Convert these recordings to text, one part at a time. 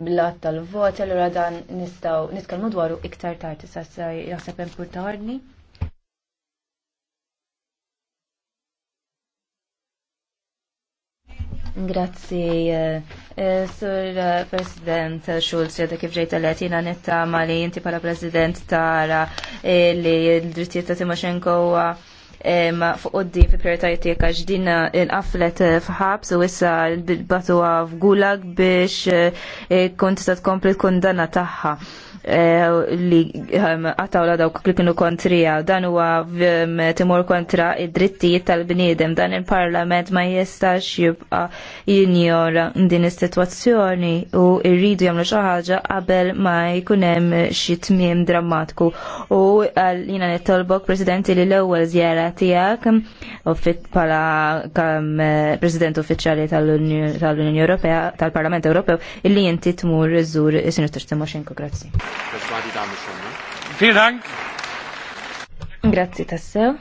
bil-lat tal-vot, allora dan nistaw nitkellmu dwaru iktar tard issa jaħseb importarni. Grazzi, eh, eh, Sur eh, President Schulz, jadda kif ġejta li għatina nittama li jinti pala President tara li l-drittijiet ta' Timoshenko ma fuq din fi prioritajiet tiegħek għax din eh, inqaflet eh, f'ħabs u issa l-bilbatu batuha f'gulag biex eh, kont tista' tkompli l-kundanna tagħha. Eh, li għatawla dawk li kienu kontrija. Dan huwa timur kontra id-drittijiet tal-bniedem. Dan il-parlament ma jistax jibqa jinjora din is-sitwazzjoni u irridu jagħmlu xi ħaġa qabel ma jkun hemm xi tmiem drammatiku. U jiena nittolbok Presidenti li l-ewwel żjara tiegħek bħala President uffiċjali tal-Unjoni Ewropea tal-Parlament Ewropew illi inti tmur iżżur is-Sinistru Timoshenko. Grazie. Vielen Dank. Grazzi tassew.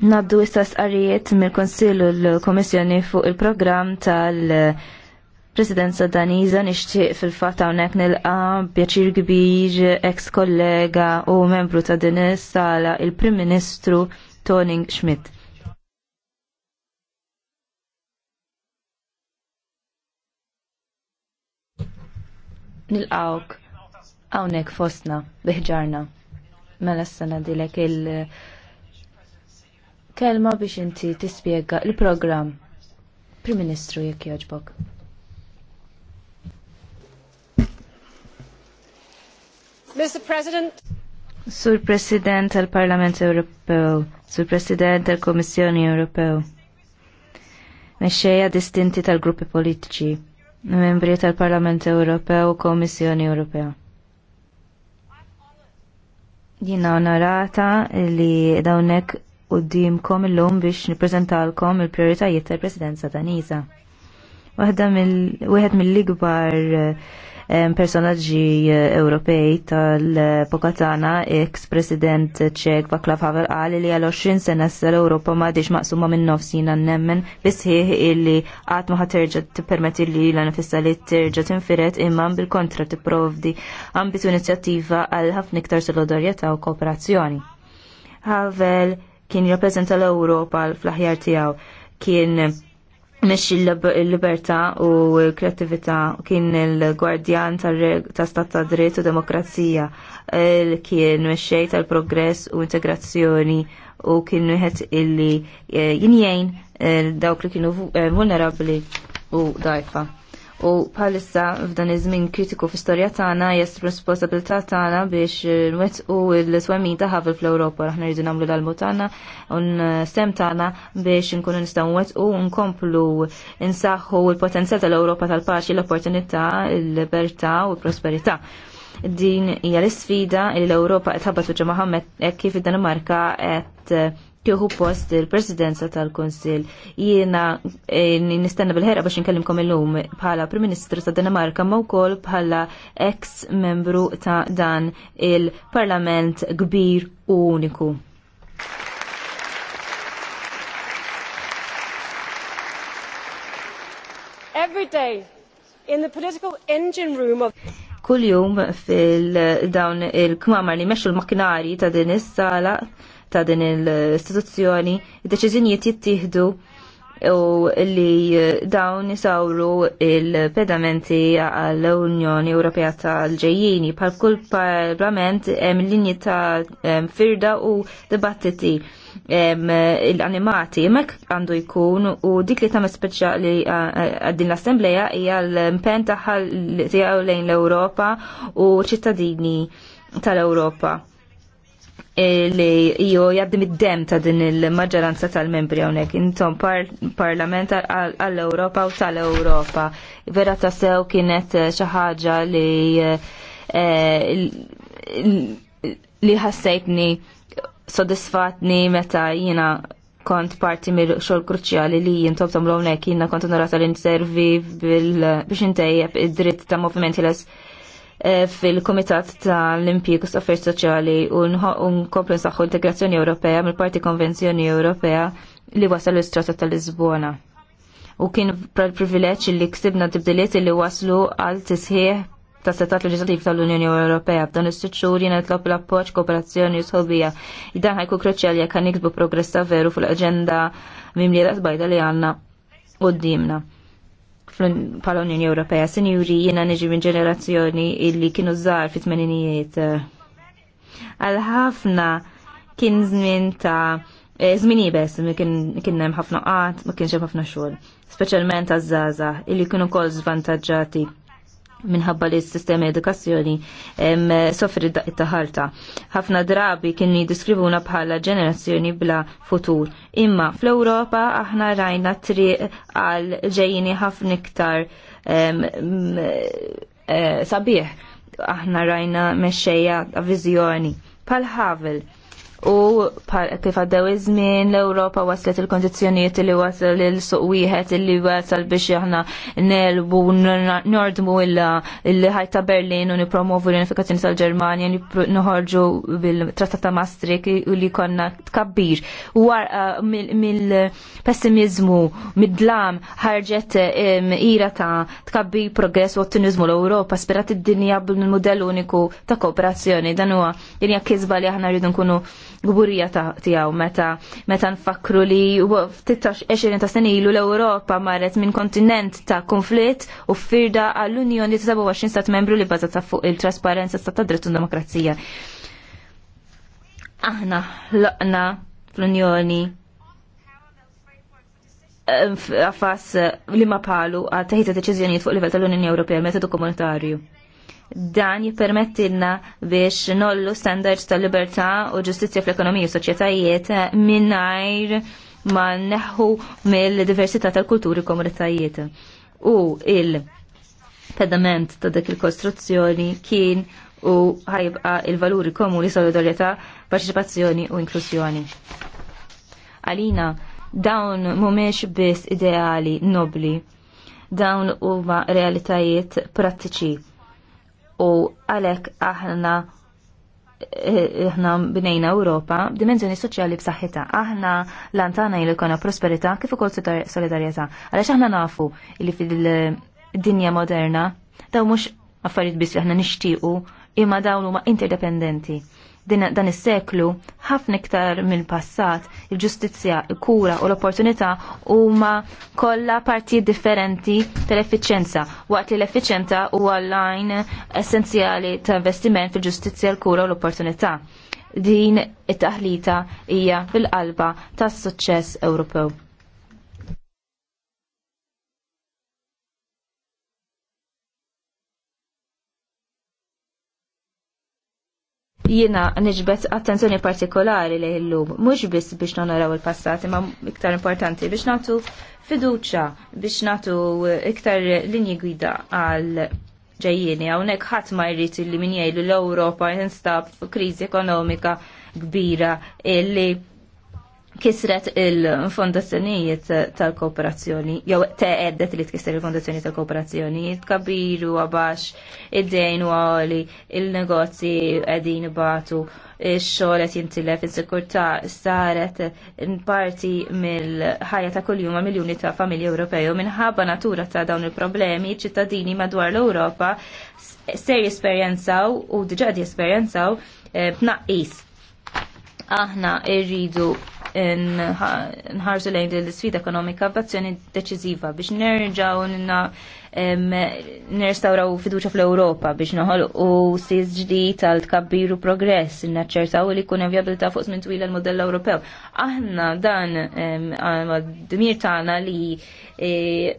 Naddu issa arijiet mill konsilu l-Komissjoni fuq il-programm tal-Presidenza Daniza nixtieq fil-fatt hawnhekk nilqa pjaċir kbir ex kollega u membru ta' din is-sala il-Prim Ministru Toning Schmidt. nilqawk hawnhekk fostna biħġarna. Mela s-sena dilek il-kelma biex inti tispjega il-programm. Prim Ministru jekk jogħġbok. Mr. President. Sur President tal-Parlament Ewropew, Sur President tal-Komissjoni Ewropew, mexxejja distinti tal-gruppi politiċi, membri tal-Parlament Ewropew u Komissjoni Ewropea. Jina onorata li dawnek u dimkom l lum biex niprezentalkom il-prioritajiet tal-presidenza Danisa. Waħda mill-ikbar mill personaġġi eh, Ewropej tal-Pokatana, ex-president ċek Vaklav Havel għalli li għal-20 sena s-Europa ma diġ maqsuma minn nofsin għannemmen bisħiħ illi għat maħat terġa t-permetti li l-anfissa li terġa t-infiret imman bil-kontra t-provdi għambitu inizjattiva għal ħafna iktar solidarjetà u kooperazzjoni. Havel kien jirrappreżenta l-Ewropa fl-aħjar tiegħu kien Mex il-libertà u kreativita kien il-gwardjan ta' stat ta' dritt u demokrazija kien mexxej tal-progress u integrazzjoni u kien wieħed illi eh, jinjajn eh, dawk li kienu eh, vulnerabbli u dajfa u bħalissa f'dan iż-żmien kritiku fl-istorja tagħna jest responsabilità tagħna biex eh, nwettqu l-swemmin ta' ħafil fl-Ewropa. Aħna rridu nagħmlu l-almu tagħna u sem tagħna biex nkunu nistgħu nwettqu u nkomplu nsaħħu l-potenzjal tal-Ewropa tal-paċi, l-opportunità, l-libertà u l-prosperità din hija l-isfida li l-Ewropa qed ħabbat u ġemma ħammet kif id-Danimarka qed eh, tieħu post il-presidenza tal-Konsil. Jiena eh, nistenna bil-ħera biex nkellimkom illum bħala Prim Ministru ta' Danimarka ma' wkoll bħala ex membru ta' dan il-Parlament kbir u uniku. Every day in the political engine room of Kull jum fil-dawn il-kmamar li meċu l-makinari ta' din is-sala ta' din l-istituzzjoni, id-deċiżjonijiet jittieħdu u li dawn isawru il-pedamenti għall-Unjoni Ewropea tal-ġejjini bħal kull parlament hemm linji ta' firda u dibattiti l-animati mek għandu jkun u dik li tam speċjali għaddin l-assembleja hija l-impen taħħal tiegħu lejn l-Ewropa u ċittadini tal-Ewropa Eh, li jo jaddim id-dem ta' din il-maġġoranza tal-membri hawnhekk intom parlament għall-Ewropa u tal-Ewropa. Vera ta' sew kienet eh, xi ħaġa li eh, li ħassejtni sodisfatni meta jiena kont parti mill xogħol kruċjali li jintob tamlu għonek jiena kont nara l-inservi biex intejjeb id-dritt ta' movimenti l Eh, fil-Komitat tal-Impjieg u Affarijiet Soċjali u nkomplu nsaħħu integrazzjoni Ewropea mill-Parti Konvenzjoni Ewropea li wasal l-Istrata tal-Lisbona. U kien privileġġ li ksibna tibdiliet li waslu għal tisħiħ ta' setat leġislativ tal-Unjoni Ewropea f'dan is-sitt xhur jiena l-appoġġ, kooperazzjoni u sħobija. Idan ħajku kruċjali jekk ħaniksbu progress ta' veru fil-aġenda mimliet bajda li għandna qudiemna pal-Unjoni Ewropea. Sinjuri, jiena niġi minn ġenerazzjoni illi kienu żgħar fit-tmeninijiet. Eh. Għal ħafna kien żmien ta' Zmini eh, bes, kien hemm ħafna qat, ma kienx hemm ħafna xogħol, speċjalment għaż-żgħażagħ illi kienu kol żvantaġġati minħabba li s-sistema edukazzjoni soffri ta' ħalta. ħafna drabi kien jidiskrivuna bħala ġenerazzjoni bla futur. Imma fl-Ewropa aħna rajna tri għal ġejjini ħafna iktar eh, sabiħ. Aħna rajna ta' vizjoni. Pal Havel u kif għaddew iż-żmien l-Ewropa waslet il-kondizzjonijiet li wasal lil suq wieħed li wasal biex aħna nelbu nordmu il-ħajt ta' Berlin u nipromovu l-unifikazzjoni tal-Ġermanja noħorġu bil-Trattat ta' Maastricht u li konna tkabbir. War mill-pessimizmu, mid-dlam ħarġet ira ta' tkabbir progress u ottimizmu l-Ewropa sperat id-dinja bil-modell uniku ta' kooperazzjoni dan huwa dinja kisba li aħna rridu nkunu gburija tiegħu meta meta nfakru li 20 ta' sena ilu l-Ewropa marret minn kontinent ta' konflitt u firda għall-Unjoni ta' 27 stat membru li ta' fuq il-trasparenza stat ta' dritt u demokrazija. Aħna loqna fl-Unjoni eh, għafas eh, li ma palu għal teħita deċiżjonijiet fuq livell tal-Unjoni Ewropea, metodu komunitarju dan jippermettilna biex nollu standards ta' libertà u ġustizzja fl-ekonomija u soċjetajiet mingħajr ma neħu mill-diversità tal-kulturi komunitajiet. U il-pedament ta' dak il-kostruzzjoni kien u ħajbqa il-valuri komuni solidarjetà, parċipazzjoni u inklusjoni. Alina, dawn mhumiex biss ideali nobli, dawn huma realitajiet prattiċi u għalhekk aħna eh, eh, aħna bnejna Ewropa dimenzjoni soċjali b'saħħitha. Aħna lantana jil ikona prosperità kif ukoll solidarjetà. Għaliex aħna nafu li fil-dinja moderna daw mhux affarijiet biss li aħna nixtiequ imma dawn huma interdependenti. Din dan is-seklu ħafna iktar mill-passat, il-ġustizzja, il-kura u l-opportunità huma kollha partijiet differenti tal-effiċenza, waqt li l-effiċenza huwa l-lajn essenzjali ta' investiment fil-ġustizzja, l-kura u l-opportunità. Din it-taħlita hija fil-qalba tas-suċċess Ewropew. Jiena nġbet attenzjoni partikolari li l-lum, mux biss biex nonoraw il passati imma iktar importanti biex natu fiduċa, biex natu iktar linji gwida għal ġejjini, nek ħat ma jrit li min jgħidu l-Europa jinstab krizi ekonomika kbira illi kisret il-fondazzjonijiet tal-kooperazzjoni, jew te eddet li tkisser il-fondazzjoni tal-kooperazzjoni, kabiru għabax, id-dejn u għali, il-negozji għedin batu, il-xolet jintilef, il-sekurta saret parti mill-ħajja ta' kull ma' miljoni ta' familji Ewropeju minħabba natura ta' dawn il-problemi, ċittadini madwar l-Ewropa ser jesperjenzaw u diġa jesperjenzaw b'naqis. Eh, Aħna irridu nħarżu lejn l-sfida ekonomika b'azzjoni deċiżiva biex nerġaw nirstawraw fiduċa fl europa biex noħolqu sis ġdid għal tkabbiru progress naċċertaw li jkun hemm vjabilità fuq minn twila l-modell Ewropew. Aħna dan dmir tagħna li eh,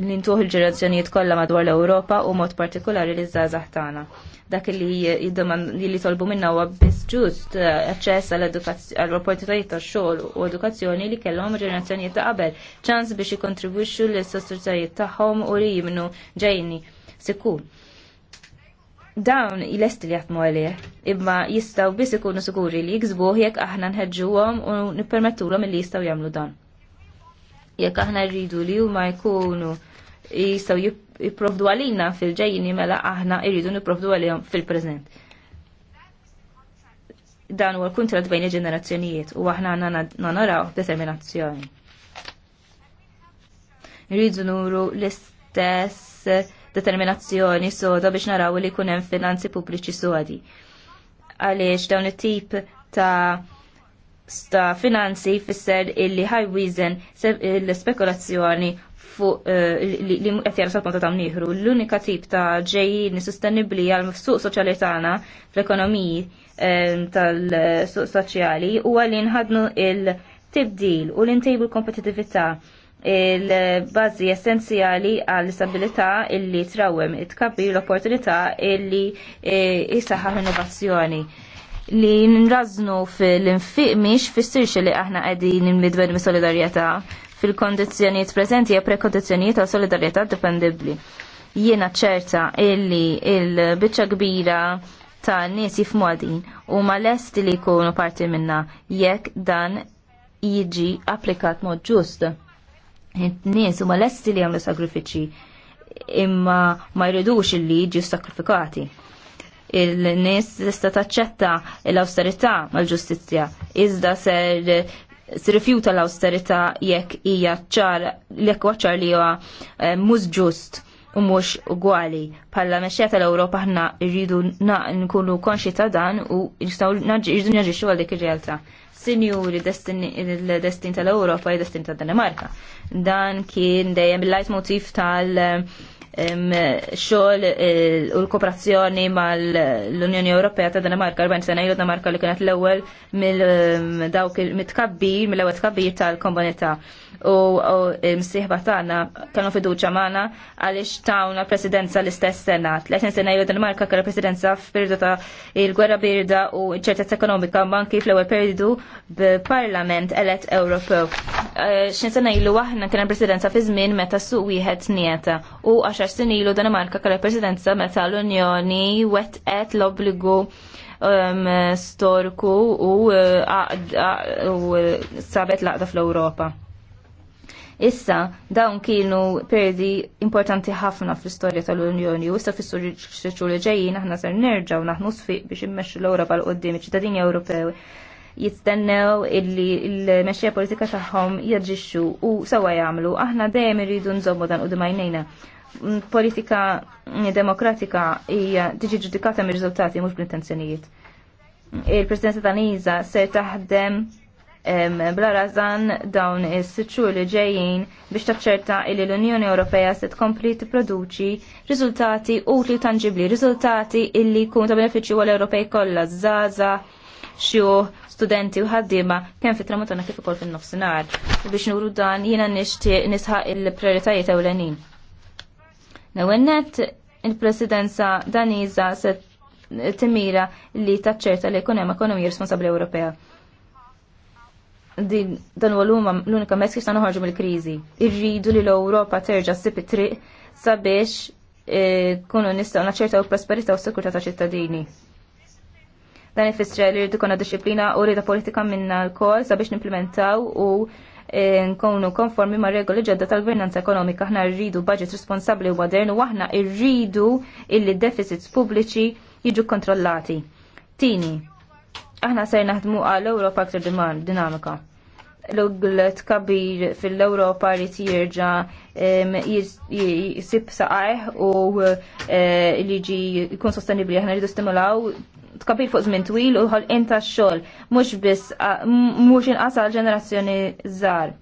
nintuħ il ġenerazzjonijiet kollha madwar l-Ewropa u mod partikolari li żgħażagħ tagħna. Dak li li tolbu minna huwa biss ġust eh, aċċess għall-opportunitajiet tax-xogħol u edukazzjoni li kellhom ġenerazzjonijiet ta' qabel, ċans biex jikkontribwixxu lis sostituzzjonijiet tagħhom u li jimnu ġejni sikur. Dawn il-est li jaħdmu għalih, imma jistgħu biss ikunu sikuri li jiksbuh jekk aħna nħeġġuhom u nippermettulhom li jistgħu jagħmlu dan jekk aħna rridu li huma jkunu jistgħu jipprovdu għalina fil-ġejjini mela aħna rridu nipprovdu għalihom fil-preżent. Dan huwa l-kuntratt bejn il-ġenerazzjonijiet u aħna għandna naraw determinazzjoni. Rridu nuru l-istess determinazzjoni soda biex naraw li jkun hemm finanzi pubbliċi sodi. Għaliex dawn it-tip ta' ta' finanzi fisser illi ħajwizen l-spekulazzjoni fuq eh, li qed jara sal-ponta ta' mnieħru. L-unika tip ta' ġejjini sostenibbli għal suq soċjali tagħna fl-ekonomiji eh, tal-suq soċjali huwa li nħadnu il-tibdil u l-intejbu kompetitività il-bazzi essenzjali għall stabilità illi trawem it-kabbi l-opportunità illi eh, jisaħħaħ innovazzjoni li nraznu fil-infiq miex fissirx li aħna għedin nmidwen mis solidarjetà fil-kondizjoniet prezenti pre kondizjoniet ta' solidarjetà dependibli. Jiena ċerta illi il-biċċa kbira ta' nies jifmu għadin u ma lest li jkunu parti minna jekk dan jiġi applikat mod ġust. Nies u ma lest li jagħmlu sagrifiċi imma ma jridux li jiġu sakrifikati il-nies tista' taċċetta l austerità mal-ġustizzja iżda ser rifjuta l austerità jekk hija ċar jekk ċar li huwa eh, mhux ġust u mhux ugwali. Palla mexxija tal-Ewropa ħna rridu nkunu konxi ta' dan u rridu naġixxu għal dik ir-realtà. Sinjuri il-destin tal-Ewropa u destin tad Danimarka. Dan kien dejjem il-lajt motif tal- xogħol eh, u l-kooperazzjoni mal-Unjoni Ewropea ta' Danimarka 40 sena ilu Danimarka li kienet l-ewwel mill-dawk mitkabbir mill-ewwel tkabbir tal-komunità. U msieħba tagħna kellu fiduċja magħna għaliex tawna presidenza l-istess sena. 30 sena ilu Danimarka kellha presidenza f'periodu ta' il-gwerra birda u ċertezza ekonomika ma l fl-ewwel periodu b'Parlament elett Ewropew. Eh, x'in sena ilu aħna kien presidenza fi żmien meta su wieħed nieta u għax 10 sin ilu Danimarka kalla presidenza meta l-Unjoni wetqet l-obbligu um, storiku u, uh, uh, sabet laqda fl-Ewropa. Issa, dawn kienu perdi importanti ħafna fl-istorja tal-Unjoni u issa fis-soċu li ġejjin aħna ser nerġaw naħnu sfiq biex immexxu l-Ewropa l qoddim iċ-ċittadini Ewropew jistennew illi l-mexxija politika tagħhom jaġixxu u sewa jagħmlu aħna dejjem irridu nżommu dan qudiem għajnejna politika demokratika hija tiġi ġudikata mir-riżultati mhux bl-intenzjonijiet. Il-Presidenza Daniza se taħdem bla razan dawn is sitxu li ġejjin biex taċċerta li l-Unjoni Ewropea se tkompli tipproduċi riżultati utli tanġibli, riżultati illi jkunu ta' benefiċċju għal Ewropej kollha żaża xju studenti u ħaddiema kemm fit tramutana kif ukoll fin-nofsinhar. Biex nuru dan jiena nixtieq nisħaq il-prioritajiet ewlenin. Nawennet il-presidenza daniza se timira li taċċerta li jkun hemm ekonomija responsabbli Ewropea. Din dan huwa l-unika mezz kif noħorġu mill-kriżi. Irridu li l-Ewropa terġa' ssib it-triq sabiex eh, kunu nistgħu naċċertaw prosperità u sikurtà ta' ċittadini. Dan ifisser li rridu konna disciplina u rida politika minna l-kol sabiex nimplementaw u Eh, nkunu konformi ma' regoli ġodda tal-gvernanza ekonomika. Aħna rridu budget responsabli u modern u aħna rridu illi deficits pubbliċi jiġu kontrollati. Tini, aħna ser naħdmu għal Ewropa aktar dinamika. L-oglet kabir fil-Europa rrit jirġa jisib saqajh u eh, liġi jkun sostenibli. Aħna rridu stimulaw tkabir fuq żmien twil u ħol inta xogħol mhux biss mhux inqas għal ġenerazzjoni żgħar.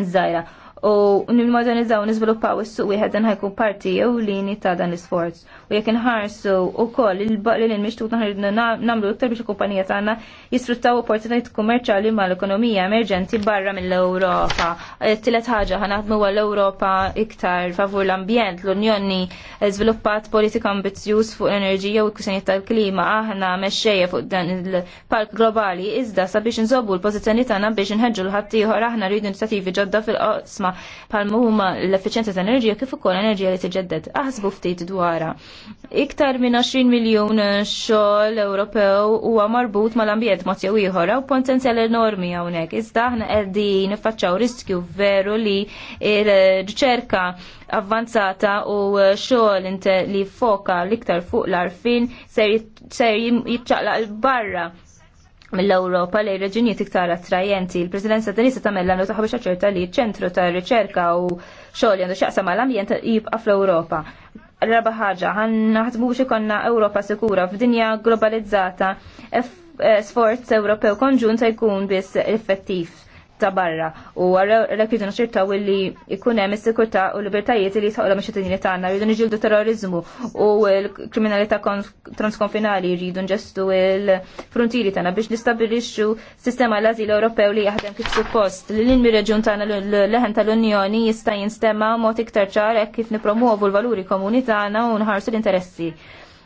Iż-żgħira u nimodernizzaw niżviluppaw is-suq wieħed dan ħajkun parti lini ta' dan l-isforz. U jekk inħarsu wkoll il-baqli li mixtut naħridu nagħmlu iktar biex il-kumpanija tagħna jisfruttaw opportunitajiet kummerċjali mal-ekonomija emerġenti barra mill-Ewropa. Tielet ħaġa ħanaħdmu l-Ewropa iktar favur l-ambjent, l-Unjoni żviluppat politika ambizzjuż fuq l-enerġija u l-kwistjonijiet tal-klima. Aħna mexxejja fuq dan il-park globali iżda sabiex nżobbu l-pożizzjoni tagħna biex inħeġġu l-ħaddieħor aħna rridu inizjattivi ġodda fil-qosma ma palma huma l efficienza ta' enerġija kif ukoll enerġija li tiġedded. Aħsbu ftit dwarha. Iktar minn 20 miljun xogħol Ewropew huwa marbut mal-ambjent mod jew ieħor hawn potenzjal enormi hawnhekk. Iżda aħna qegħdin niffaċċaw riskju veru li r-riċerka avvanzata u xogħol li foka l-iktar fuq l-arfin ser jiċċaqlaq l-barra mill-Ewropa lej reġinijiet iktar attrajenti. Il-Presidenza Denisa tamella għandu biex ċerta li ċentru ta' riċerka u xogħol għandu xaqsa mal-ambjent jibqa' fl-Ewropa. Raba ħaġa, ħan naħdmu biex Ewropa sikura f'dinja globalizzata, eh, sforz Ewropew konġun ta' jkun biss effettiv ta' barra u għarrek jidu u li ikkunem hemm is-sikurtà u libertajiet li l-għamma ċittadini tagħna jridu niġildu terrorizmu u l-kriminalità transkonfinali jridu nġestu l frontiri tagħna biex nistabilixxu sistema l-azil Ewropew li jaħdem kif suppost. L-inmi reġjun tagħna l-leħen tal-Unjoni jista' jinstema' mod iktar ċar hekk kif nipromuovu l-valuri komuni tagħna u nħarsu l-interessi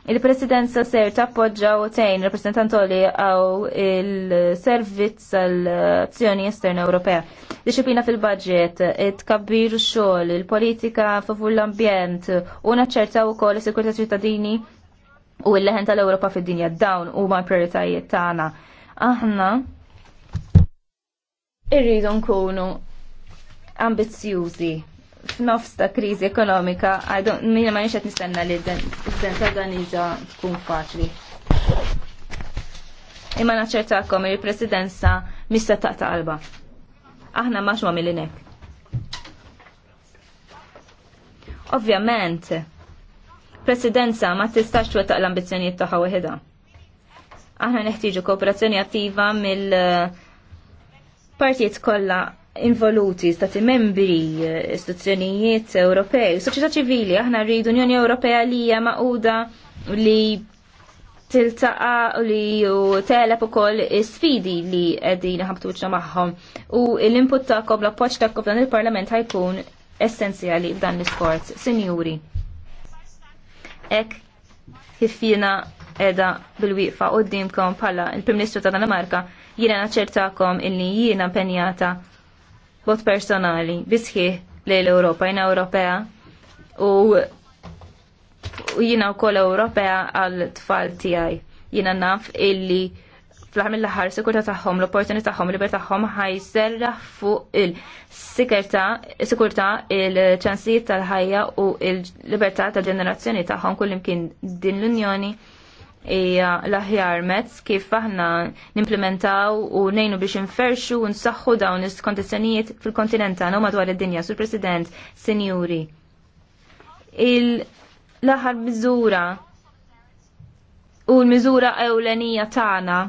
Il-presidenza ser tappoġġa u tejn rappresentantoli għaw il-servizz għal-azzjoni esterna Ewropea. Disciplina fil-budget, it-kabbir xol, il-politika favur l-ambjent, u naċċertaw u kol il-sekurta ċittadini u l-leħen tal-Europa fid-dinja dawn u ma' prioritajiet tagħna. Aħna irridu nkunu ambizzjużi f'nofs ta' kriżi ekonomika, minna ma' nxet nistenna li d-den ta' tkun faċli. Imma naċċertakom il presidenza mista ta' talba. Aħna ma' ma' millinek. Ovvjament, presidenza ma tistax twettaq l-ambizjonijiet tagħha waħedha. Aħna neħtieġu kooperazzjoni attiva mill eh, partijiet kollha involuti, stati membri, istituzzjonijiet Ewropej, soċjetà ċivili, aħna rridu Unjoni Ewropea li hija maquda li tiltaqa u li u telep ukoll is sfidi li qegħdin ħabtuċna magħhom. u l-input tagħkom l appoġġ tagħkom dan il-parlament ħajkun essenzjali f'dan l isforz Sinjuri, ek kif jiena qiegħda bil wieqfa quddiemkom bħala l il-Prim-Ministru ta' Danimarka jiena naċertakom illi jiena impenjata vot personali bisħiħ l Ewropa, jina Ewropea u jina u kol Ewropea għal tfal tijaj. Jina naf illi fl-ħam l-ħar taħħom, l opportuni taħħom, l-libertà taħħom ħajserra fuq il-sikurta, sikurta il-ċansijiet tal-ħajja u il-libertà tal-ġenerazzjoni taħħom kullimkien din l-Unjoni hija l-aħjar mezz kif aħna nimplementaw u nejnu biex nferxu u nsaħħu dawn is-kondizzjonijiet fil-kontinent tagħna u madwar id-dinja sur President Sinjuri. Il l-aħħar miżura u l-miżura ewlenija tagħna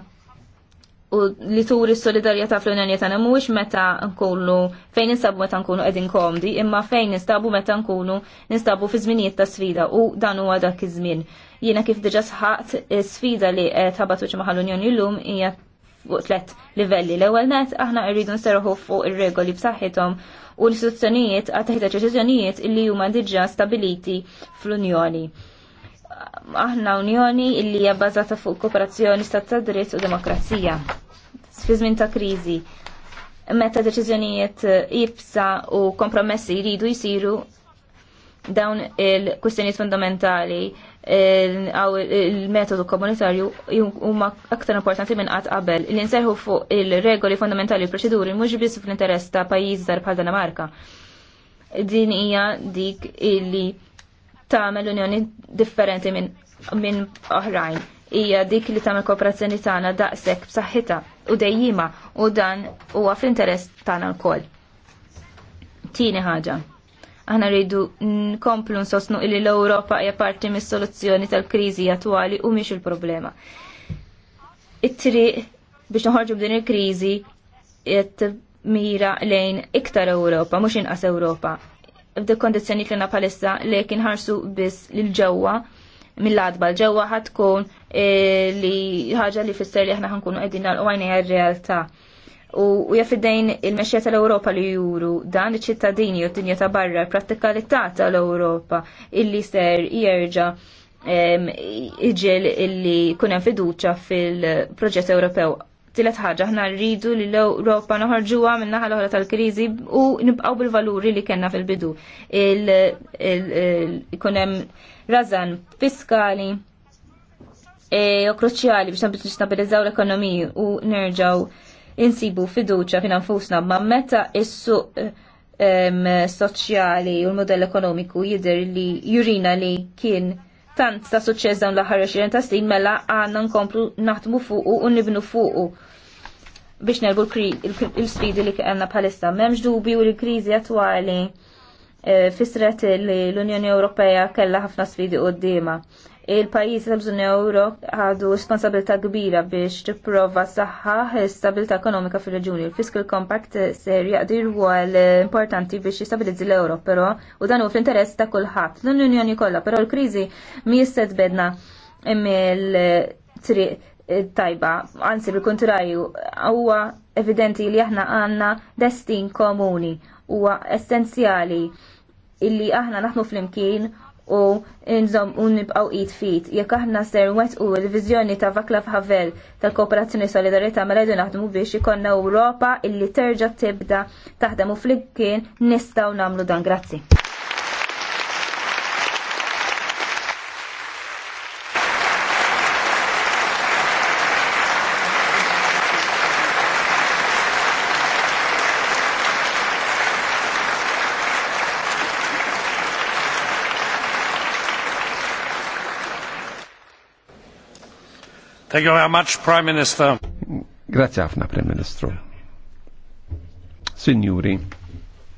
u li turi solidarjetà fl-unjoni ta' mhuwiex meta nkunu fejn nistabu meta nkunu qegħdin komdi, imma fejn nistabu meta nkunu nistabu fi żminijiet ta' sfida u dan huwa dak iż-żmien. Jiena kif diġà sħaqt sfida li tabatu maħal l-Unjoni llum hija fuq tlet livelli. L-ewwel net aħna rridu nserħu fuq ir-regoli b'saħħithom u l-istituzzjonijiet għat teħda deċiżjonijiet li huma diġà stabiliti fl-Unjoni. Aħna Unjoni illi hija bbażata fuq kooperazzjoni stat ta' dritt u demokrazija fi żmien ta' kriżi. Meta deċiżjonijiet jibsa eh, u kompromessi jridu jisiru dawn il-kwistjonijiet fundamentali għaw il-metodu komunitarju huma aktar importanti minn qatt qabel li nserħu fuq il-regoli fundamentali l-proċeduri mhux biss fl-interess ta' pajjiż dar bħal Danimarka. Din hija dik illi tagħmel unjoni differenti minn oħrajn. Hija dik li tagħmel kooperazzjoni tagħna daqshekk b'saħħitha u dejjima u dan huwa fl-interess tagħna lkoll. Tieni ħaġa. Aħna rridu nkomplu nsostnu li l-Ewropa hija parti mis-soluzzjoni tal-kriżi attwali u mhix il-problema. It-triq biex noħorġu b'din il-kriżi qed mira lejn iktar Ewropa, mhux inqas Ewropa. F'dik kondizzjoni li palissa li ħarsu biss lil ġewwa mill-adba l-ġewwa ħatkun eh, li ħaġa li fisser li aħna ħankunu qegħdin għal għajna r-realtà. U jaffidejn il-mexxija tal europa li juru dan iċ-ċittadini u d-dinja ta' barra l-prattikalità tal-Ewropa illi ser jerġa' iġel illi kunem fiduċa fil-proġett Ewropew tilet ħaġa ħna rridu li l-Europa noħorġuha minnaħa l-oħra tal-kriżi u nibqgħu bil-valuri li kellna fil-bidu. il, hemm razan fiskali u e, kruċjali biex nistabilizzaw l-ekonomiji u nerġaw insibu fiduċa fina nfusna ma meta is-suq e, soċjali u l-modell ekonomiku jider li jurina li kien tant ta' suċċess dawn l-aħħar 20 ta' snin mela għandna nkomplu naħdmu fuqu u nibnu fuqu biex nerbu l-sfidi li għanna bħalissa. M'hemmx dubju li l-krizi attwali Eh, fisret li l-Unjoni Ewropea kellha ħafna sfidi qudiema. Il-pajjiż tal-Bżun Ewro għadu responsabilità kbira biex tipprova saħħaħ stabilta ekonomika fir-reġuni. Il-Fiscal Compact ser jaqdi rwol importanti biex jistabilizzi l-Ewro, però u dan hu fl-interess ta' kulħadd. L-Unjoni kollha, però l-kriżi mi jistet bedna mill tri tajba, anzi bil kontraju huwa evidenti li aħna għanna destin komuni, huwa essenzjali illi aħna naħnu flimkien u nżom u nibqaw id fit. Jekk aħna ser wet u l-vizjoni ta' Vaklav Havel tal-Kooperazzjoni Solidarieta mela ma rajdu naħdmu biex ikonna Ewropa illi terġa' tibda taħdem u flimkien nistgħu nagħmlu dan. Grazzi. Thank you very much, Prime Minister. Grazie ħafna, Prime Ministru. Signori,